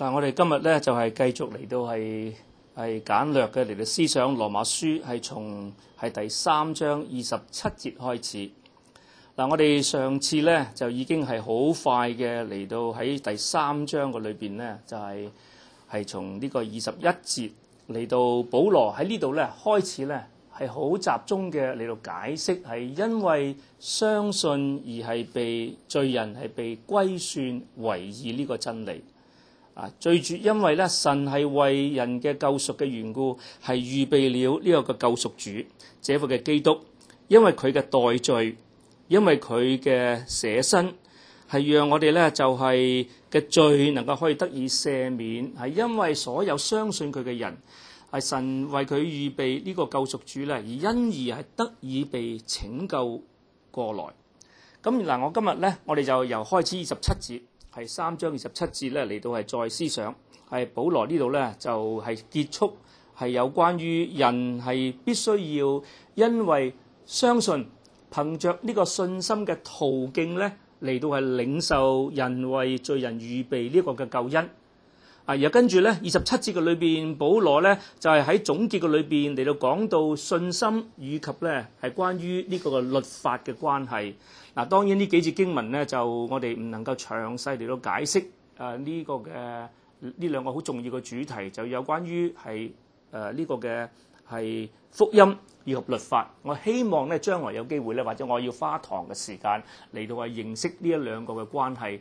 嗱，我哋今日咧就係繼續嚟到係係簡略嘅嚟到思想羅馬書，係從係第三章二十七節開始。嗱，我哋上次咧就已經係好快嘅嚟到喺第三章嘅裏邊咧，就係係從呢個二十一節嚟到保羅喺呢度咧開始咧係好集中嘅嚟到解釋，係因為相信而係被罪人係被歸算為義呢個真理。啊！最主要，因為咧，神係為人嘅救贖嘅緣故，係預備了呢個嘅救贖主，這個嘅基督，因為佢嘅代罪，因為佢嘅捨身，係讓我哋咧就係、是、嘅罪能夠可以得以赦免，係因為所有相信佢嘅人，係神為佢預備呢個救贖主咧，而因而係得以被拯救過來。咁嗱，我今日咧，我哋就由開始二十七節。係三章二十七節咧，嚟到係再思想，係保羅這裡呢度咧就係、是、結束，係有關於人係必須要因為相信憑着呢個信心嘅途徑咧，嚟到係領受人為罪人預備呢個嘅救恩。啊！又跟住咧，二十七節嘅裏邊，保羅咧就係、是、喺總結嘅裏邊嚟到講到信心以及咧係關於呢個嘅律法嘅關係。嗱，當然呢幾節經文咧就我哋唔能夠詳細嚟到解釋啊呢、這個嘅呢兩個好重要嘅主題就有關於係呢個嘅係福音以及律法。我希望咧將來有機會咧，或者我要花堂嘅時間嚟到係認識呢一兩個嘅關係。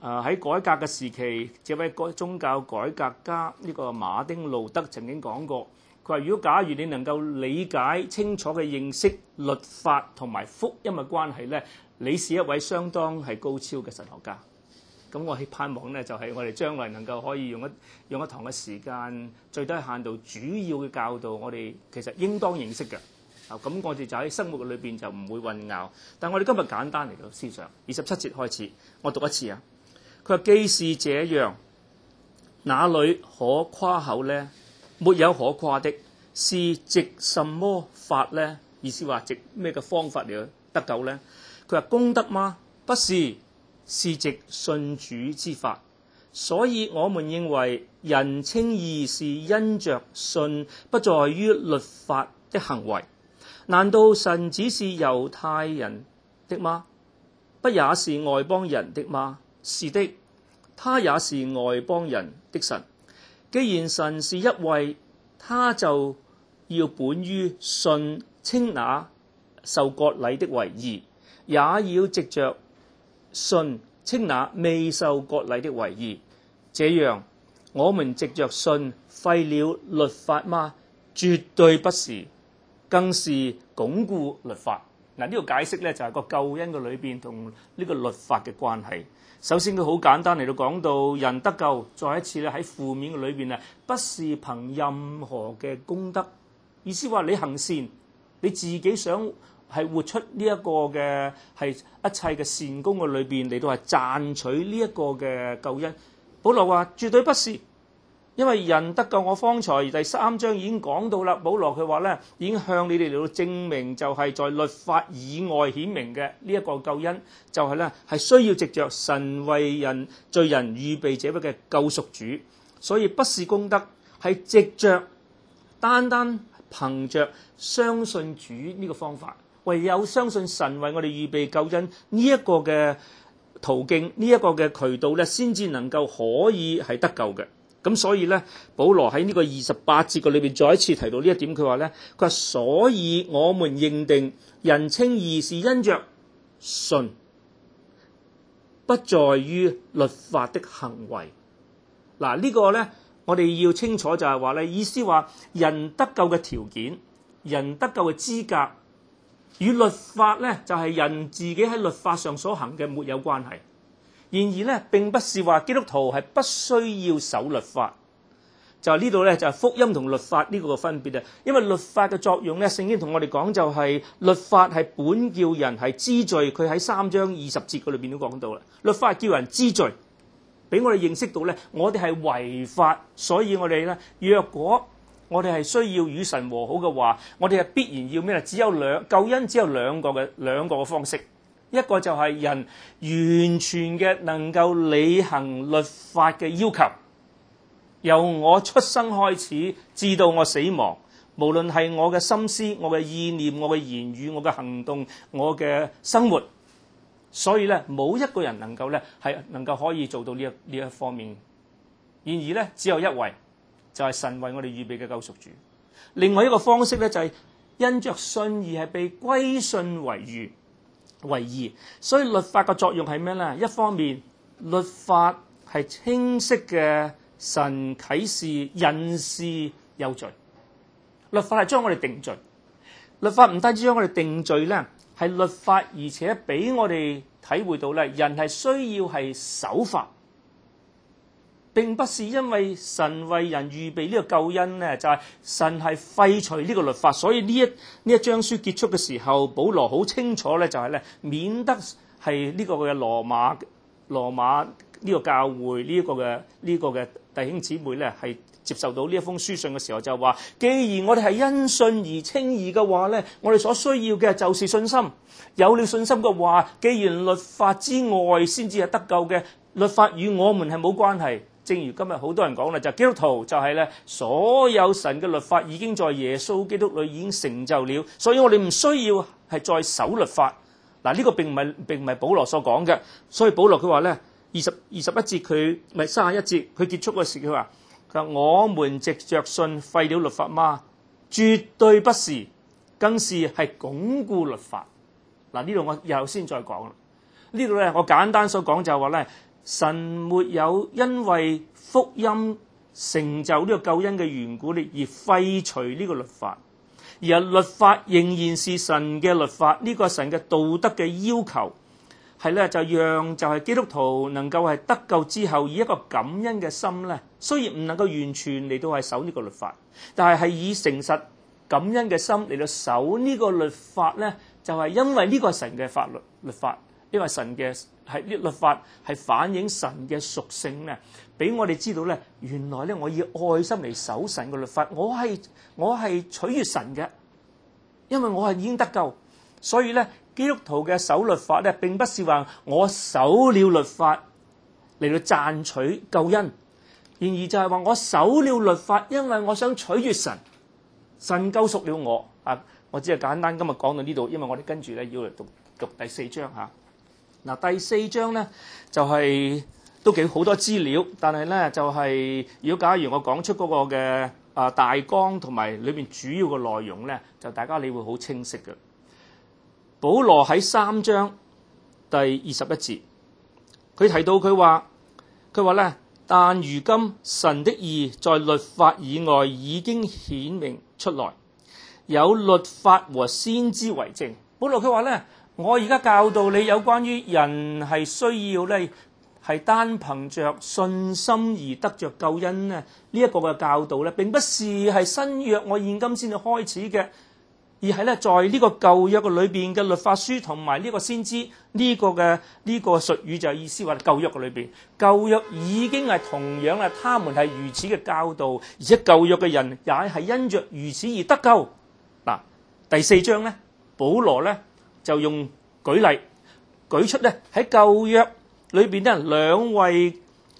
誒、啊、喺改革嘅時期，這位宗教改革家呢個馬丁路德曾經講過，佢話：如果假如你能夠理解清楚嘅認識律法同埋福音嘅關係呢，你是一位相當係高超嘅神學家。咁我希盼望呢，就係、是、我哋將來能夠可以用一用一堂嘅時間，最低限度主要嘅教導，我哋其實應當認識嘅啊。咁我哋就喺生活裏邊就唔會混淆。但我哋今日簡單嚟到思想二十七節開始，我讀一次啊。佢既是這樣，哪裏可誇口呢？沒有可誇的，是值什麼法呢？意思話值咩嘅方法嚟得救呢？佢話功德嗎？不是，是值信主之法。所以我們認為人稱義是因着信，不在於律法的行為。難道神只是猶太人的嗎？不也是外邦人的嗎？是的。他也是外邦人的神。既然神是一位，他就要本於信稱那受割禮的為義，也要藉著信稱那未受割禮的為義。這樣，我們藉著信廢了律法嗎？絕對不是，更是鞏固律法。嗱，呢個解釋咧就係個救恩嘅裏邊同呢個律法嘅關係。首先佢好簡單嚟到講到人得救，再一次咧喺負面嘅裏邊啊，不是憑任何嘅功德，意思話，你行善，你自己想係活出呢一個嘅係一切嘅善功嘅裏邊嚟到係賺取呢一個嘅救恩。保羅話絕對不是。因為人得救，我方才第三章已經講到啦。保羅佢話咧，已經向你哋嚟到證明，就係、是、在律法以外顯明嘅呢一個救恩、就是，就係咧係需要藉着神為人罪人預備這位嘅救贖主。所以不是功德，係藉着單單憑着相信主呢個方法，唯有相信神為我哋預備救恩呢一、這個嘅途徑，呢、這、一個嘅渠道咧，先至能夠可以係得救嘅。咁所以咧，保羅喺呢個二十八節個裏邊再一次提到呢一點，佢話咧，佢話，所以我們認定人稱義是因着信，不在於律法的行為。嗱、這個、呢個咧，我哋要清楚就係話咧，意思話人得救嘅條件、人得救嘅資格與律法咧，就係、是、人自己喺律法上所行嘅沒有關係。然而咧，並不是話基督徒係不需要守律法就，就係呢度咧，就係福音同律法呢個嘅分別啊！因為律法嘅作用咧，聖經同我哋講就係律法係本叫人係知罪，佢喺三章二十節嗰裏邊都講到啦。律法係叫人知罪，俾我哋認識到咧，我哋係違法，所以我哋咧，若果我哋係需要與神和好嘅話，我哋係必然要咩啊？只有兩救恩，只有兩個嘅，兩個嘅方式。一個就係人完全嘅，能夠履行律法嘅要求，由我出生開始，至到我死亡，無論係我嘅心思、我嘅意念、我嘅言語、我嘅行動、我嘅生活，所以咧，冇一個人能夠咧係能夠可以做到呢一呢一方面。然而咧，只有一位就係神為我哋預備嘅救贖主。另外一個方式咧就係因着信而係被歸算為義。為義，所以律法嘅作用係咩咧？一方面，律法係清晰嘅神啟示，人係有罪。律法係將我哋定罪。律法唔單止將我哋定罪咧，係律法而且俾我哋體會到咧，人係需要係守法。並不是因為神為人預備呢個救恩咧，就係神係廢除呢個律法，所以呢一呢一章書結束嘅時候，保羅好清楚咧，就係咧，免得係呢個嘅羅馬羅馬呢個教會呢個嘅呢個嘅弟兄姊妹咧，係接受到呢一封書信嘅時候就話，既然我哋係因信而稱義嘅話咧，我哋所需要嘅就是信心。有了信心嘅話，既然律法之外先至係得救嘅，律法與我們係冇關係。正如今日好多人講啦，就基督徒就係咧，所有神嘅律法已經在耶穌基督裏已經成就了，所以我哋唔需要係再守律法。嗱，呢個並唔係並唔係保羅所講嘅。所以保羅佢話咧，二十二十一節佢咪三十一節佢結束嗰時佢話，佢話我們藉著信廢了律法嗎？絕對不是，更是係鞏固律法。嗱，呢度我以後先再講啦。呢度咧我簡單所講就係話咧。神沒有因為福音成就呢個救恩嘅緣故咧而廢除呢個律法，而律法仍然是神嘅律法。呢個神嘅道德嘅要求係咧，就讓就係基督徒能夠係得救之後以一個感恩嘅心咧，雖然唔能夠完全嚟到係守呢個律法，但係係以誠實感恩嘅心嚟到守呢個律法咧，就係因為呢個神嘅法律律法。因為神嘅啲律法係反映神嘅屬性咧，俾我哋知道咧，原來咧我以愛心嚟守神嘅律法我係，我係我係取悅神嘅，因為我係已經得救，所以咧基督徒嘅守律法咧並不是話我守了律法嚟到賺取救恩，然而就係話我守了律法，因為我想取悅神，神救贖了我啊！我只係簡單今日講到呢度，因為我哋跟住咧要嚟讀讀第四章嚇。嗱，第四章呢，就係都幾好多資料，但係呢，就係如果假如我講出嗰個嘅大綱同埋裏面主要嘅內容呢，就大家你會好清晰嘅。保羅喺三章第二十一節，佢提到佢話：佢話呢，但如今神的義在律法以外已經顯明出來，有律法和先知為證。保羅佢話呢。我而家教導你有關於人係需要咧，係單憑着信心而得着救恩呢？呢一個嘅教導咧，並不是係新約我現今先至開始嘅，而係咧在呢個舊約嘅裏邊嘅律法書同埋呢個先知呢個嘅呢個術語就係意思話舊約嘅裏邊，舊約已經係同樣啊，他們係如此嘅教導，而且舊約嘅人也係因着如此而得救。嗱，第四章咧，保羅咧。就用舉例舉出咧喺舊約裏邊咧兩位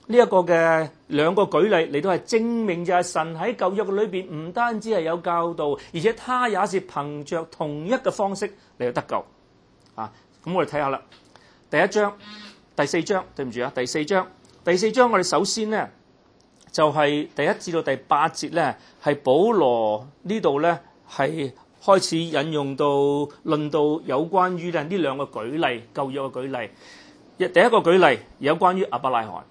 呢一個嘅兩個舉例嚟到係證明就係神喺舊約嘅裏邊唔單止係有教導，而且他也是憑着同一嘅方式嚟到得救。啊，咁我哋睇下啦，第一章第四章，對唔住啊，第四章第四章，我哋首先咧就係第一至到第八節咧係保羅呢度咧係。開始引用到論到有關於咧呢兩個舉例，舊約嘅舉例。第一個舉例有關於阿伯拉罕。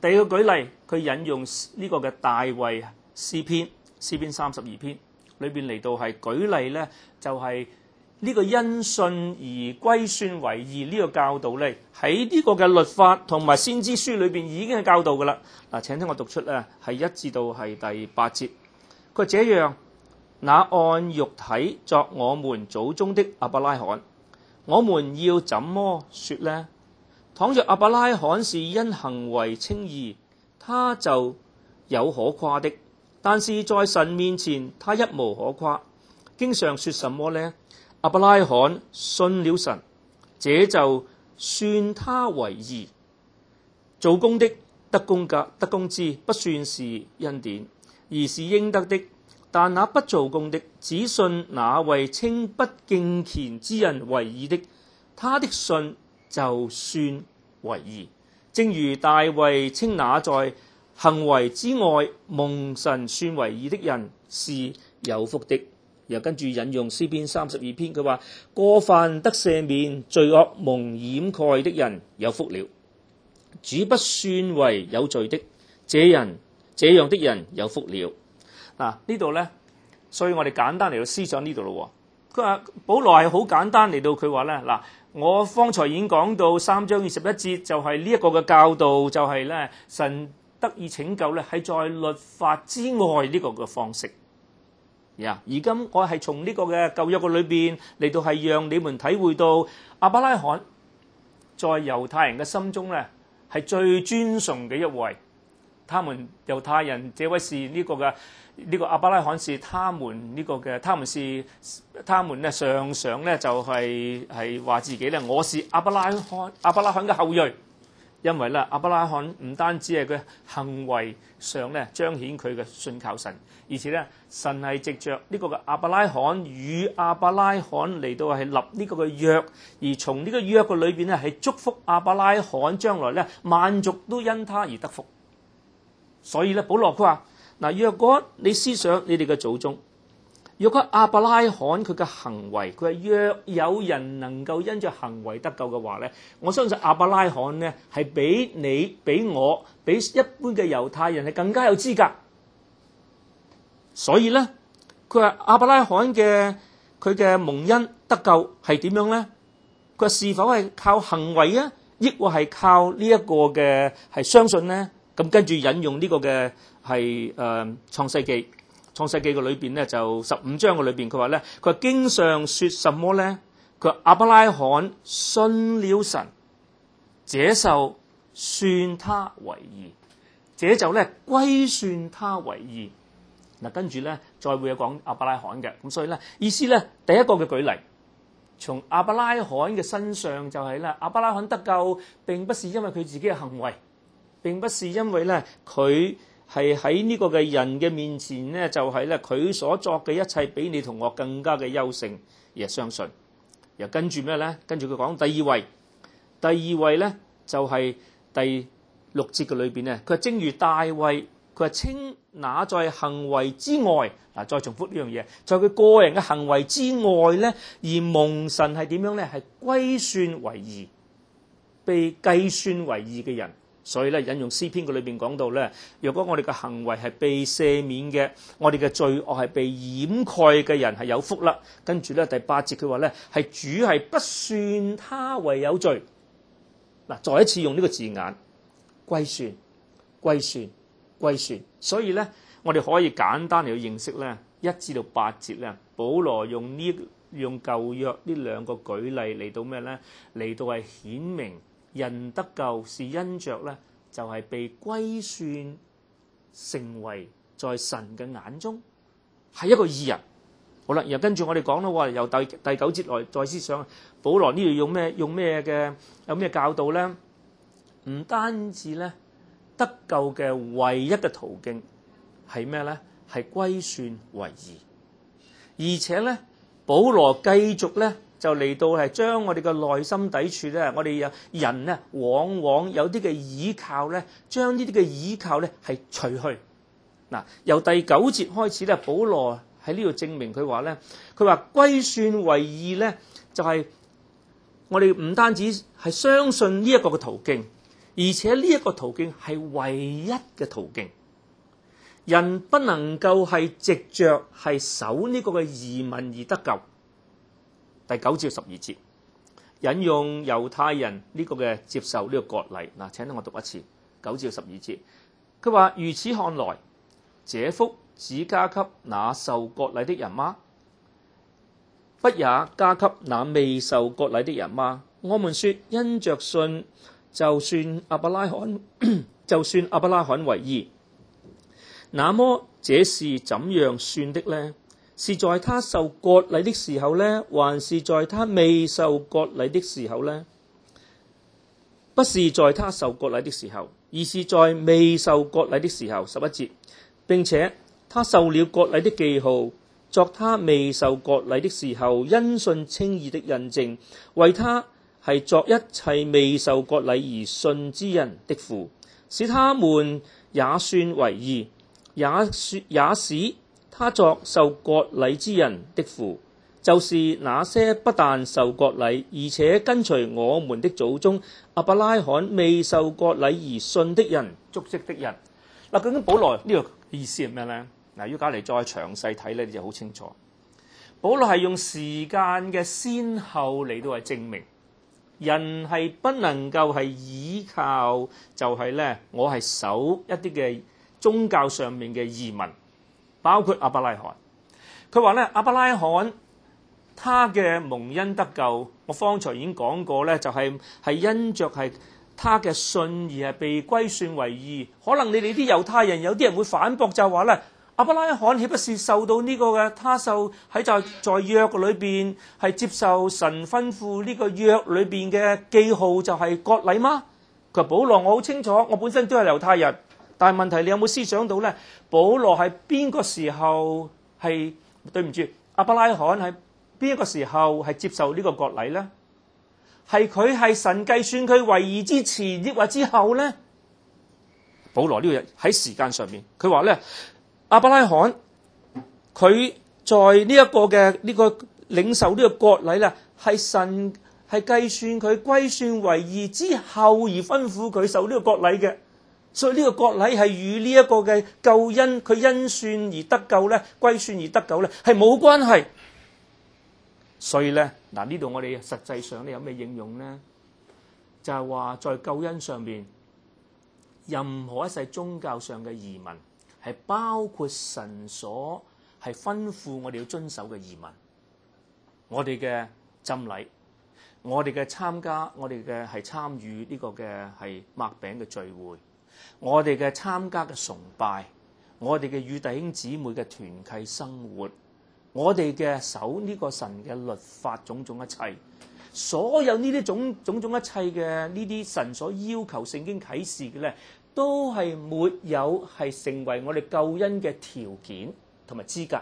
第二個舉例，佢引用呢個嘅大衛詩篇，詩篇三十二篇裏邊嚟到係舉例咧，就係、是、呢個因信而歸算為義呢個教導咧，喺呢個嘅律法同埋先知書裏邊已經係教導嘅啦。嗱，請聽我讀出咧，係一至到係第八節。佢係這樣。那按肉體作我們祖宗的亞伯拉罕，我們要怎麼說呢？倘若亞伯拉罕是因行為稱義，他就有可誇的；但是在神面前，他一無可誇。經常說什麼呢？亞伯拉罕信了神，這就算他為義。做工的得工價，得工資，不算是恩典，而是應得的。但那不做功的，只信那位稱不敬虔之人為義的，他的信就算為義。正如大衛稱那在行為之外蒙神算為義的人是有福的。又跟住引用詩篇三十二篇，佢話過犯得赦免，罪惡蒙掩蓋的人有福了。主不算為有罪的，這人這樣的人有福了。嗱，呢度咧，所以我哋簡單嚟到思想呢度咯。佢話保羅係好簡單嚟到，佢話咧，嗱，我方才已經講到三章二十一節，就係呢一個嘅教導，就係咧神得以拯救咧，係在律法之外呢個嘅方式。而家我係從呢個嘅舊約嗰裏邊嚟到係讓你們體會到阿伯拉罕在猶太人嘅心中咧係最尊崇嘅一位。他們猶太人，這位是呢個嘅呢個亞伯拉罕是他們呢個嘅，他們是他們咧常常咧就係係話自己咧，我是亞伯拉罕亞伯拉罕嘅後裔，因為咧亞伯拉罕唔單止係佢行為上咧彰顯佢嘅信靠神，而且咧神係藉着呢個嘅亞伯拉罕與亞伯拉罕嚟到係立呢個嘅約，而從呢個約嘅裏邊咧係祝福亞伯拉罕將來咧萬族都因他而得福。所以咧，保羅佢話：嗱，若果你思想你哋嘅祖宗，若果亞伯拉罕佢嘅行為，佢話若有人能夠因着行為得救嘅話咧，我相信亞伯拉罕咧係比你、比我、比一般嘅猶太人係更加有資格。所以咧，佢話亞伯拉罕嘅佢嘅蒙恩得救係點樣咧？佢話是否係靠行為啊？抑或係靠呢一個嘅係相信咧？咁跟住引用呢個嘅係誒，創世記、創世記個裏邊咧，就十五章嘅裏邊，佢話咧，佢話經常說什麼咧？佢阿伯拉罕信了神，這受算他為義，這就咧歸算他為義。嗱，跟住咧再會有講阿伯拉罕嘅，咁所以咧意思咧，第一個嘅舉例，從阿伯拉罕嘅身上就係咧，阿伯拉罕得救並不是因為佢自己嘅行為。並不是因為咧，佢係喺呢個嘅人嘅面前咧，就係咧佢所作嘅一切比你同我更加嘅優勝而係相信。又跟住咩咧？跟住佢講第二位，第二位咧就係第六節嘅裏邊咧，佢係正如大衛，佢係稱那在行為之外，嗱再重複呢樣嘢，在佢個人嘅行為之外咧，而蒙神係點樣咧？係歸算為義，被計算為義嘅人。所以咧，引用詩篇嘅裏邊講到咧，若果我哋嘅行為係被赦免嘅，我哋嘅罪惡係被掩蓋嘅人係有福啦。跟住咧，第八節佢話咧，係主係不算他為有罪。嗱，再一次用呢個字眼，歸算、歸算、歸算。所以咧，我哋可以簡單嚟到認識咧，一至到八節咧，保羅用呢用舊約呢兩個舉例嚟到咩咧？嚟到係顯明。人得救是因着咧，就係、是、被歸算成為在神嘅眼中係一個義人。好啦，然後跟住我哋講啦，我哋由第第九節來再思想保羅呢度用咩用咩嘅有咩教導咧？唔單止咧得救嘅唯一嘅途徑係咩咧？係歸算為義，而且咧保羅繼續咧。就嚟到係將我哋嘅內心底處咧，我哋有人咧，往往有啲嘅倚靠咧，將呢啲嘅倚靠咧，係除去。嗱，由第九節開始咧，保羅喺呢度證明佢話咧，佢話歸算為義咧，就係我哋唔單止係相信呢一個嘅途徑，而且呢一個途徑係唯一嘅途徑，人不能夠係藉著係守呢個嘅儀文而得救。第九至十二節，引用猶太人呢個嘅接受呢個割禮嗱，請等我讀一次。九至十二節，佢話：如此看來，這福只加給那受割禮的人嗎？不也加給那未受割禮的人嗎？我們說因着信，就算亞伯拉罕，就算亞伯拉罕為義。那麼這是怎樣算的呢？是在他受割禮的時候呢？還是在他未受割禮的時候呢？不是在他受割禮的時候，而是在未受割禮的時候。十一節。並且他受了割禮的記號，作他未受割禮的時候因信稱義的印證，為他係作一切未受割禮而信之人的父，使他們也算為義，也算也是。也使他作受割禮之人的父，就是那些不但受割禮，而且跟隨我們的祖宗阿伯拉罕未受割禮而信的人，足跡的人。嗱，究竟保羅呢、呢個意思係咩咧？嗱，要隔籬再詳細睇咧，你就好清楚。保羅係用時間嘅先後嚟到係證明，人係不能夠係倚靠，就係、是、咧我係守一啲嘅宗教上面嘅儀文。包括阿伯拉罕，佢話咧：阿伯拉罕，他嘅蒙恩得救，我方才已經講過咧，就係、是、係因着係他嘅信而係被歸算為義，可能你哋啲猶太人有啲人會反駁就話咧：阿伯拉罕豈不是受到呢個嘅？他受喺在在約裏邊，係接受神吩咐呢個約裏邊嘅記號就係割禮嗎？佢話保羅，我好清楚，我本身都係猶太人。但係問題，你有冇思想到咧？保羅喺邊個時候係？對唔住，亞伯拉罕喺邊一個時候係接受呢個國禮咧？係佢係神計算佢為義之前，抑或之後咧？保羅呢個人喺時間上面，佢話咧，亞伯拉罕佢在呢一個嘅呢個領受呢個國禮咧，係神係計算佢歸算為義之後而吩咐佢受呢個國禮嘅。所以呢個國禮係與呢一個嘅救恩，佢因算而得救咧，歸算而得救咧，係冇關係。所以咧，嗱，呢度我哋實際上咧有咩應用咧？就係、是、話在救恩上邊，任何一世宗教上嘅移民係包括神所係吩咐我哋要遵守嘅移民。我哋嘅浸禮，我哋嘅參加，我哋嘅係參與呢個嘅係麥餅嘅聚會。我哋嘅參加嘅崇拜，我哋嘅與弟兄姊妹嘅團契生活，我哋嘅守呢個神嘅律法，種種一切，所有呢啲種種種一切嘅呢啲神所要求，聖經啟示嘅咧，都係沒有係成為我哋救恩嘅條件同埋資格。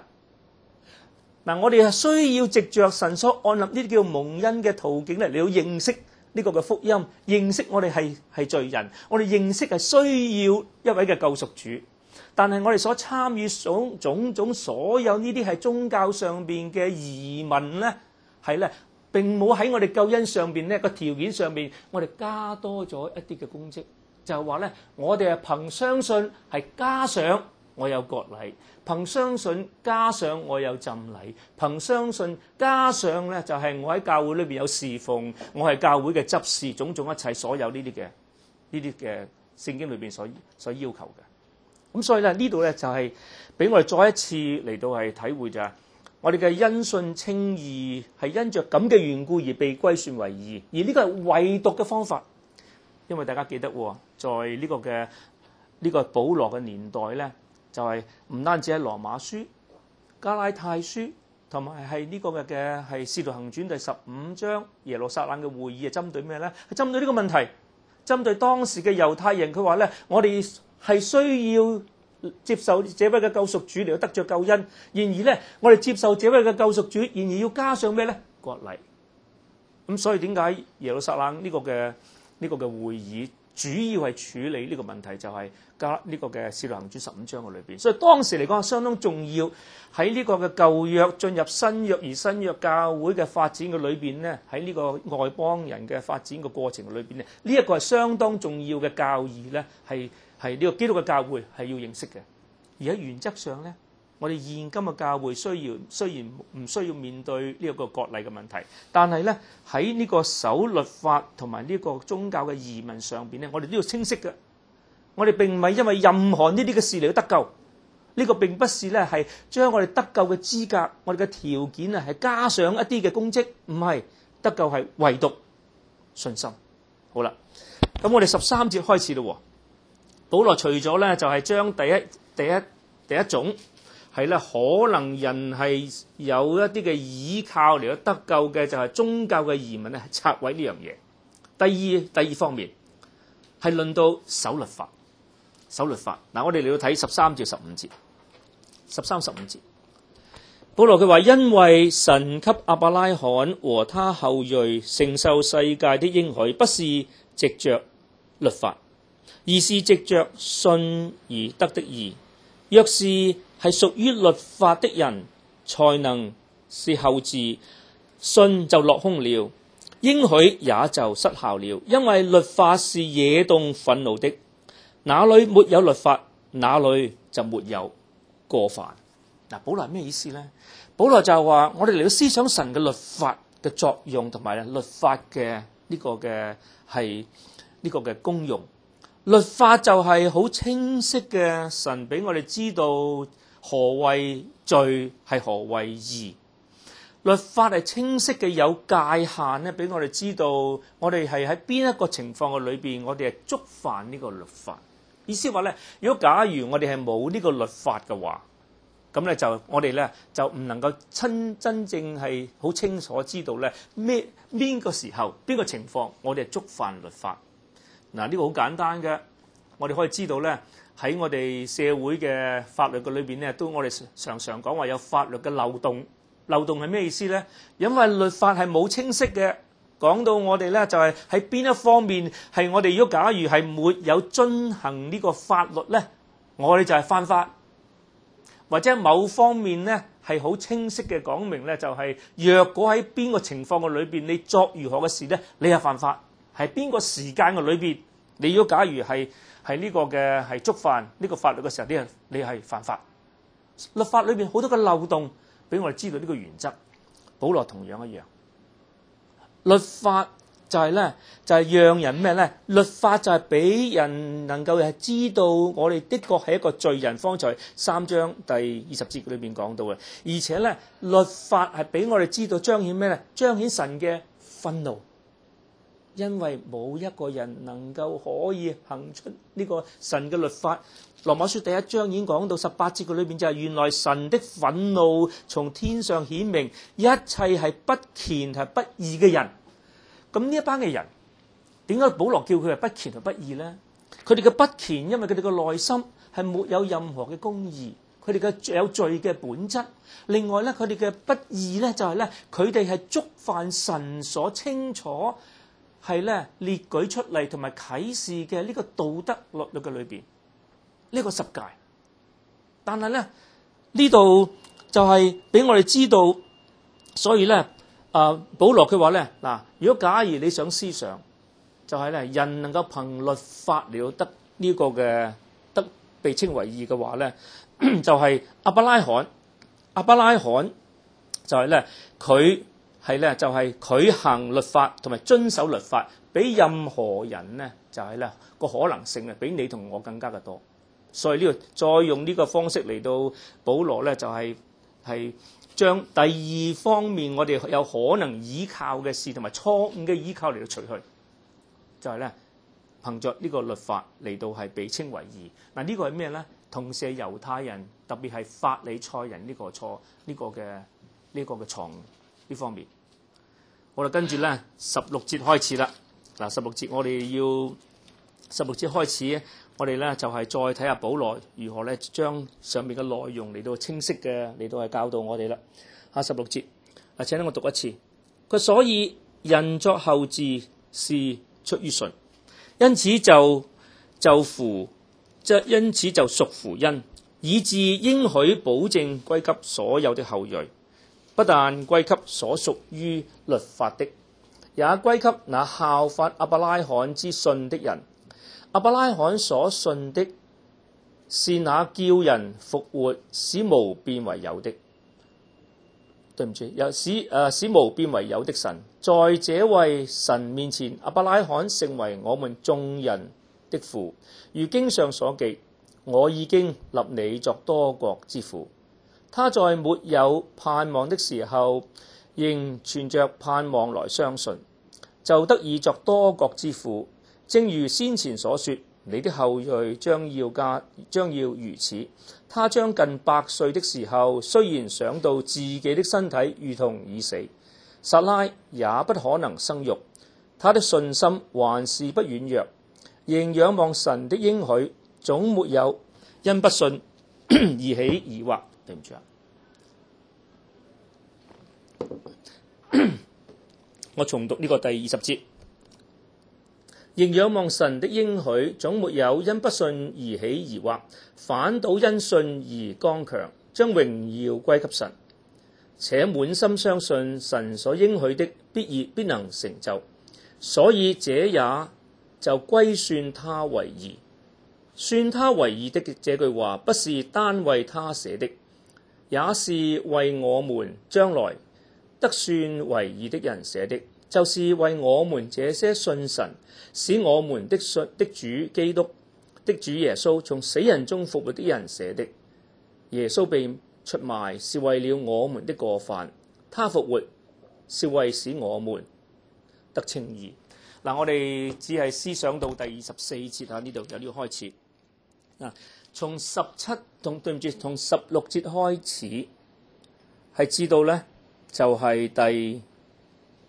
嗱，我哋係需要藉着神所按立呢啲叫蒙恩嘅途徑咧，你要認識。呢、這個嘅福音，認識我哋係係罪人，我哋認識係需要一位嘅救贖主。但係我哋所參與種種種所有呢啲係宗教上邊嘅移民呢，咧，係咧並冇喺我哋救恩上邊呢個條件上面，我哋加多咗一啲嘅功績，就係話咧，我哋係憑相信係加上。我有割禮，憑相信加上我有浸禮，憑相信加上咧就係我喺教會裏邊有侍奉，我係教會嘅執事，種種一切所有呢啲嘅呢啲嘅聖經裏邊所所要求嘅。咁所以咧呢度咧就係、是、俾我哋再一次嚟到係體會就係，我哋嘅因信稱義係因着咁嘅緣故而被歸算為義，而呢個係唯獨嘅方法。因為大家記得喎，在呢個嘅呢、呢個保羅嘅年代咧。就係、是、唔單止喺羅馬書、加拉太書，同埋係呢個嘅嘅係《使徒行傳》第十五章耶路撒冷嘅會議針，係針對咩咧？係針對呢個問題，針對當時嘅猶太人，佢話咧，我哋係需要接受這位嘅救贖主嚟到得着救恩。然而咧，我哋接受這位嘅救贖主，然而要加上咩咧？割禮。咁所以點解耶路撒冷呢個嘅呢、呢個嘅會議？主要係處理呢個問題，就係加呢個嘅《使徒行傳》十五章嘅裏邊，所以當時嚟講相當重要，喺呢個嘅舊約進入新約而新約教會嘅發展嘅裏邊咧，喺呢個外邦人嘅發展嘅過程裏邊咧，呢一個係相當重要嘅教義咧，係係呢個基督嘅教會係要認識嘅，而喺原則上咧。我哋現今嘅教會需要雖然唔需要面對呢個割禮嘅問題，但係咧，喺呢個守律法同埋呢個宗教嘅疑問上面，咧，我哋都要清晰嘅。我哋並唔係因為任何呢啲嘅事嚟得救，呢、呢個並不是咧係將我哋得救嘅資格，我哋嘅條件啊係加上一啲嘅功績，唔係得救係唯獨信心。好啦，咁我哋十三節開始喎。保羅除咗咧就係將第一第一第一種。係啦，可能人係有一啲嘅倚靠嚟到得救嘅，就係宗教嘅疑問咧，拆毀呢樣嘢。第二第二方面，係論到守律，守律法，守律法嗱，我哋嚟到睇十三至十五節，十三十五節，保羅佢話：因為神給亞伯拉罕和他後裔承受世界的應許，不是藉著律法，而是藉著信而得的義。若是係屬於律法的人，才能是後嗣，信就落空了，應許也就失效了。因為律法是惹動憤怒的，哪裏沒有律法，哪裏就沒有過犯。嗱，保羅係咩意思呢？保羅就係話：我哋嚟到思想神嘅律法嘅作用，同埋律法嘅呢個嘅係呢個嘅功用。律法就係好清晰嘅，神俾我哋知道。何為罪？係何為義？律法係清晰嘅，有界限咧，俾我哋知道，我哋係喺邊一個情況嘅裏邊，我哋係觸犯呢個律法。意思話咧，如果假如我哋係冇呢個律法嘅話，咁咧就我哋咧就唔能夠真真正係好清楚嘅知道咧咩邊個時候、邊個情況，我哋係觸犯律法。嗱，呢個好簡單嘅，我哋可以知道咧。喺我哋社會嘅法律嘅裏邊咧，都我哋常常講話有法律嘅漏洞。漏洞係咩意思呢？因為律法係冇清晰嘅，講到我哋呢，就係喺邊一方面係我哋如果假如係沒有遵行呢個法律呢，我哋就係犯法。或者某方面呢，係好清晰嘅講明呢，就係若果喺邊個情況嘅裏邊你作如何嘅事呢，你係犯法。喺邊個時間嘅裏邊，你如果假如係，係呢個嘅係觸犯呢個法律嘅時候，啲人你係犯法。律法裏面好多嘅漏洞，俾我哋知道呢個原則。保羅同樣一樣，律、就是，律法就係咧，就係讓人咩咧？律法就係俾人能夠知道我哋的確係一個罪人。方才三章第二十節裏面講到嘅，而且咧，律法係俾我哋知道彰顯咩咧？彰顯神嘅憤怒。因為冇一個人能夠可以行出呢個神嘅律法，《羅馬書》第一章已經講到十八節嘅裏邊就係原來神的憤怒從天上顯明，一切係不虔係不義嘅人。咁呢一班嘅人點解保羅叫佢係不虔同不義呢？佢哋嘅不虔，因為佢哋嘅內心係沒有任何嘅公義，佢哋嘅有罪嘅本質。另外呢，佢哋嘅不義呢，就係呢，佢哋係觸犯神所清楚。係咧列舉出嚟同埋啟示嘅呢個道德律律嘅裏邊，呢、這個十戒。但係咧呢度就係俾我哋知道，所以咧啊、呃，保羅佢話咧嗱，如果假如你想思想，就係、是、咧人能夠憑律法了得呢個嘅得被稱為義嘅話咧，就係、是、亞伯拉罕。亞伯拉罕就係咧佢。係咧，就係、是、佢行律法同埋遵守律法，比任何人呢，就係咧個可能性咧，比你同我更加嘅多。所以呢個再用呢個方式嚟到，保羅呢，就係、是、係將第二方面，我哋有可能依靠嘅事同埋錯誤嘅依靠嚟到除去，就係呢，憑着呢個律法嚟到係被稱為義。嗱，呢個係咩呢？同時係猶太人，特別係法利賽人呢個錯呢個嘅呢個嘅錯誤。呢方面好，我哋跟住咧十六節開始啦。嗱，十六節我哋要十六節開始，我哋咧就係、是、再睇下保羅如何咧將上面嘅內容嚟到清晰嘅嚟到係教導我哋啦。啊，十六節啊，請等我讀一次。佢所以人作後嗣是出於信，因此就就乎即因此就屬乎恩，以致應許保證歸給所有嘅後裔。不但歸給所屬於律法的，也歸給那效法亞伯拉罕之信的人。亞伯拉罕所信的，是那叫人復活、使無變為有的。對唔住，有、呃、使誒、呃、使無變為有的神，在這位神面前，亞伯拉罕成為我們眾人的父。如經上所記：我已經立你作多國之父。他在沒有盼望的時候，仍存著盼望來相信，就得以作多國之父。正如先前所說，你的後裔將要嫁，將要如此。他將近百歲的時候，雖然想到自己的身體如同已死，撒拉也不可能生育，他的信心還是不軟弱，仍仰望神的應許，總沒有因不信咳咳而起疑惑。我重讀呢個第二十節，仍仰望神的應許，總沒有因不信而起疑惑，反倒因信而剛強，將榮耀歸給神，且滿心相信神所應許的必業必能成就，所以這也就歸算他為義，算他為義的這句話不是單為他寫的。也是為我們將來得算為義的人寫的，就是為我們這些信神使我們的信的主基督的主耶穌從死人中復活的人寫的。耶穌被出賣是為了我們的過犯，他復活是為使我們得稱義。嗱，我哋只係思想到第二十四節啊，呢度有呢個開始從十七，同，對唔住，從十六節開始係知道咧，就係第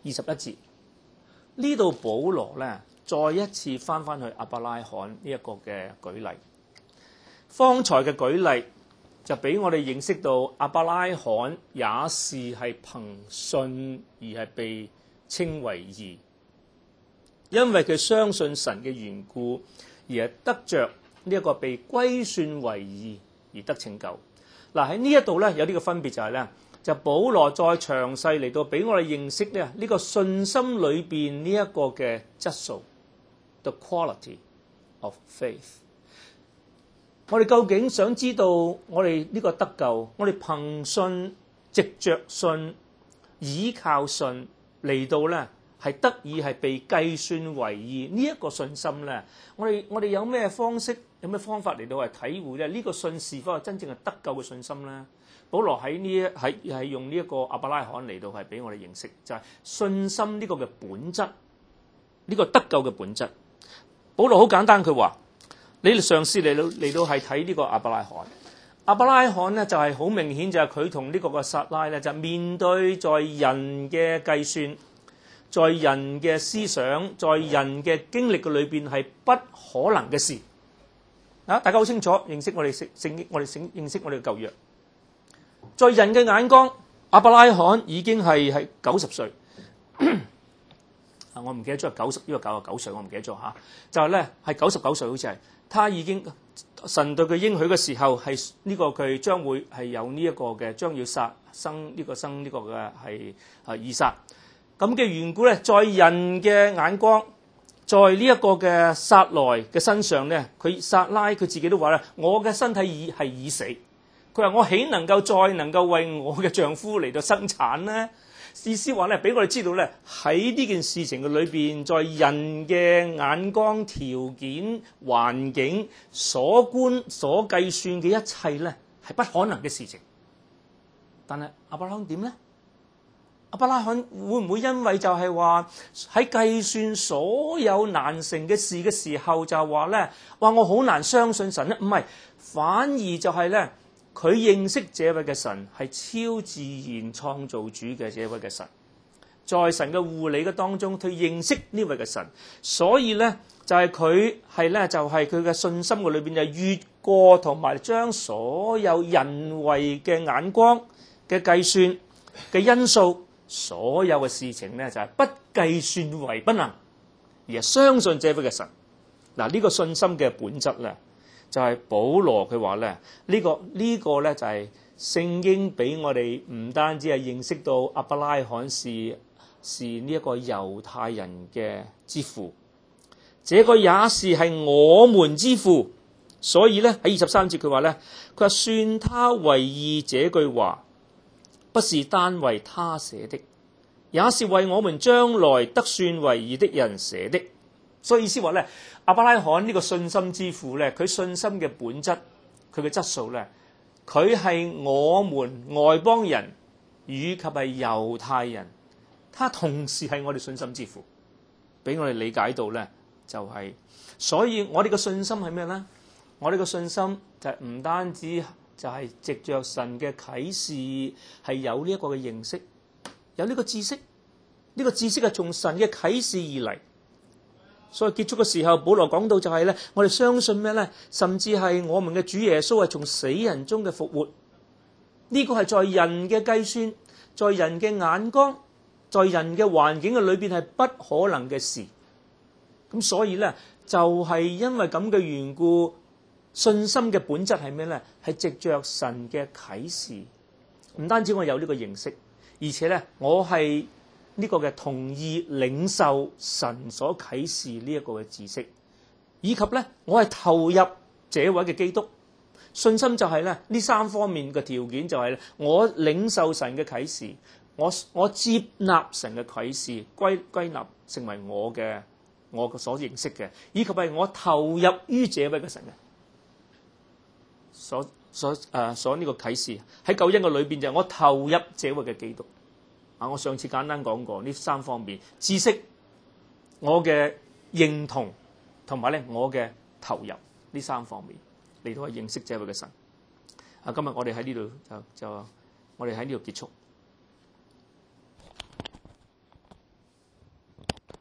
二十一節呢度。保羅咧，再一次返返去亞伯拉罕呢一個嘅舉例，方才嘅舉例就俾我哋認識到亞伯拉罕也是係憑信而係被稱為義，因為佢相信神嘅緣故而係得着。呢、這、一個被歸算為義而得拯救。嗱，喺呢一度咧，有呢個分別就係咧，就保羅再詳細嚟到俾我哋認識咧，呢個信心裏邊呢一個嘅質素，the quality of faith。我哋究竟想知道我哋呢個得救，我哋憑信、藉著信、倚靠信嚟到咧，係得以係被計算為義呢一個信心咧？我哋我哋有咩方式？有咩方法嚟到係體會咧？呢個信是否係真正係得救嘅信心咧？保羅喺呢一喺係用呢一個亞伯拉罕嚟到係俾我哋認識，就係信心呢個嘅本質，呢個得救嘅本質。保羅好簡單，佢話：你嘗試嚟到嚟到係睇呢個亞伯拉罕。亞伯拉罕咧就係好明顯就係佢同呢個個撒拉咧就面對在人嘅計算，在人嘅思想，在人嘅經歷嘅裏邊係不可能嘅事。嗱，大家好清楚認識我哋聖聖，我哋聖認識我哋嘅舊約，在人嘅眼光，亞伯拉罕已經係係九十歲。啊，我唔記得咗，九十呢個九啊九歲，我唔記得咗嚇。就係、是、咧，係九十九歲，好似係，他已經神對佢應許嘅時候，係呢、這個佢將會係有呢一個嘅將要殺生呢、這個生呢個嘅係啊以撒。咁嘅緣故咧，在人嘅眼光。在呢一個嘅薩萊嘅身上咧，佢薩拉佢自己都話咧，我嘅身體已係已死。佢話我豈能夠再能夠為我嘅丈夫嚟到生產呢？意思話咧，俾我哋知道咧，喺呢件事情嘅裏邊，在人嘅眼光、條件、環境、所觀所計算嘅一切咧，係不可能嘅事情。但係阿伯拉罕點咧？亞伯拉罕會唔會因為就係話喺計算所有難成嘅事嘅時候就話咧？話我好難相信神咧。唔係，反而就係咧，佢認識這位嘅神係超自然創造主嘅這位嘅神，在神嘅護理嘅當中，佢認識呢位嘅神。所以咧，就係佢係咧，就係佢嘅信心嘅裏邊，就係越過同埋將所有人為嘅眼光嘅計算嘅因素。所有嘅事情呢，就係不計算為不能，而係相信這位嘅神。嗱，呢個信心嘅本質呢，就係保羅佢話咧，呢、這個呢、這個呢，就係聖經俾我哋唔單止係認識到亞伯拉罕是是呢一個猶太人嘅之父，這個也是係我們之父。所以呢，喺二十三節佢話呢，佢話算他為義這句話。不是單為他寫的，也是為我們將來得算為義的人寫的。所以意思話咧，亞伯拉罕呢個信心之父咧，佢信心嘅本質，佢嘅質素咧，佢係我們外邦人以及係猶太人，他同時係我哋信心之父。俾我哋理解到咧，就係，所以我哋嘅信心係咩咧？我哋嘅信心就係唔單止。就係、是、藉着神嘅啟示，係有呢一個嘅認識，有呢個知識，呢個知識係從神嘅啟示而嚟。所以結束嘅時候，保羅講到就係咧，我哋相信咩咧？甚至係我們嘅主耶穌係從死人中嘅復活。呢個係在人嘅計算，在人嘅眼光，在人嘅環境嘅裏邊係不可能嘅事。咁所以咧，就係因為咁嘅緣故。信心嘅本質係咩咧？係藉著神嘅啟示，唔單止我有呢個認識，而且咧我係呢個嘅同意領受神所啟示呢一個嘅知識，以及咧我係投入這位嘅基督。信心就係咧呢三方面嘅條件就係：我領受神嘅啟示，我我接納神嘅啟示歸歸納成為我嘅我嘅所認識嘅，以及係我投入於這位嘅神嘅。所所誒、呃、所呢個啟示喺《舊約》嘅裏邊就係我投入這位嘅基督啊！我上次簡單講過呢三方面知識、我嘅認同同埋咧我嘅投入，呢三方面嚟到，去認識這位嘅神啊！今日我哋喺呢度就就我哋喺呢度結束。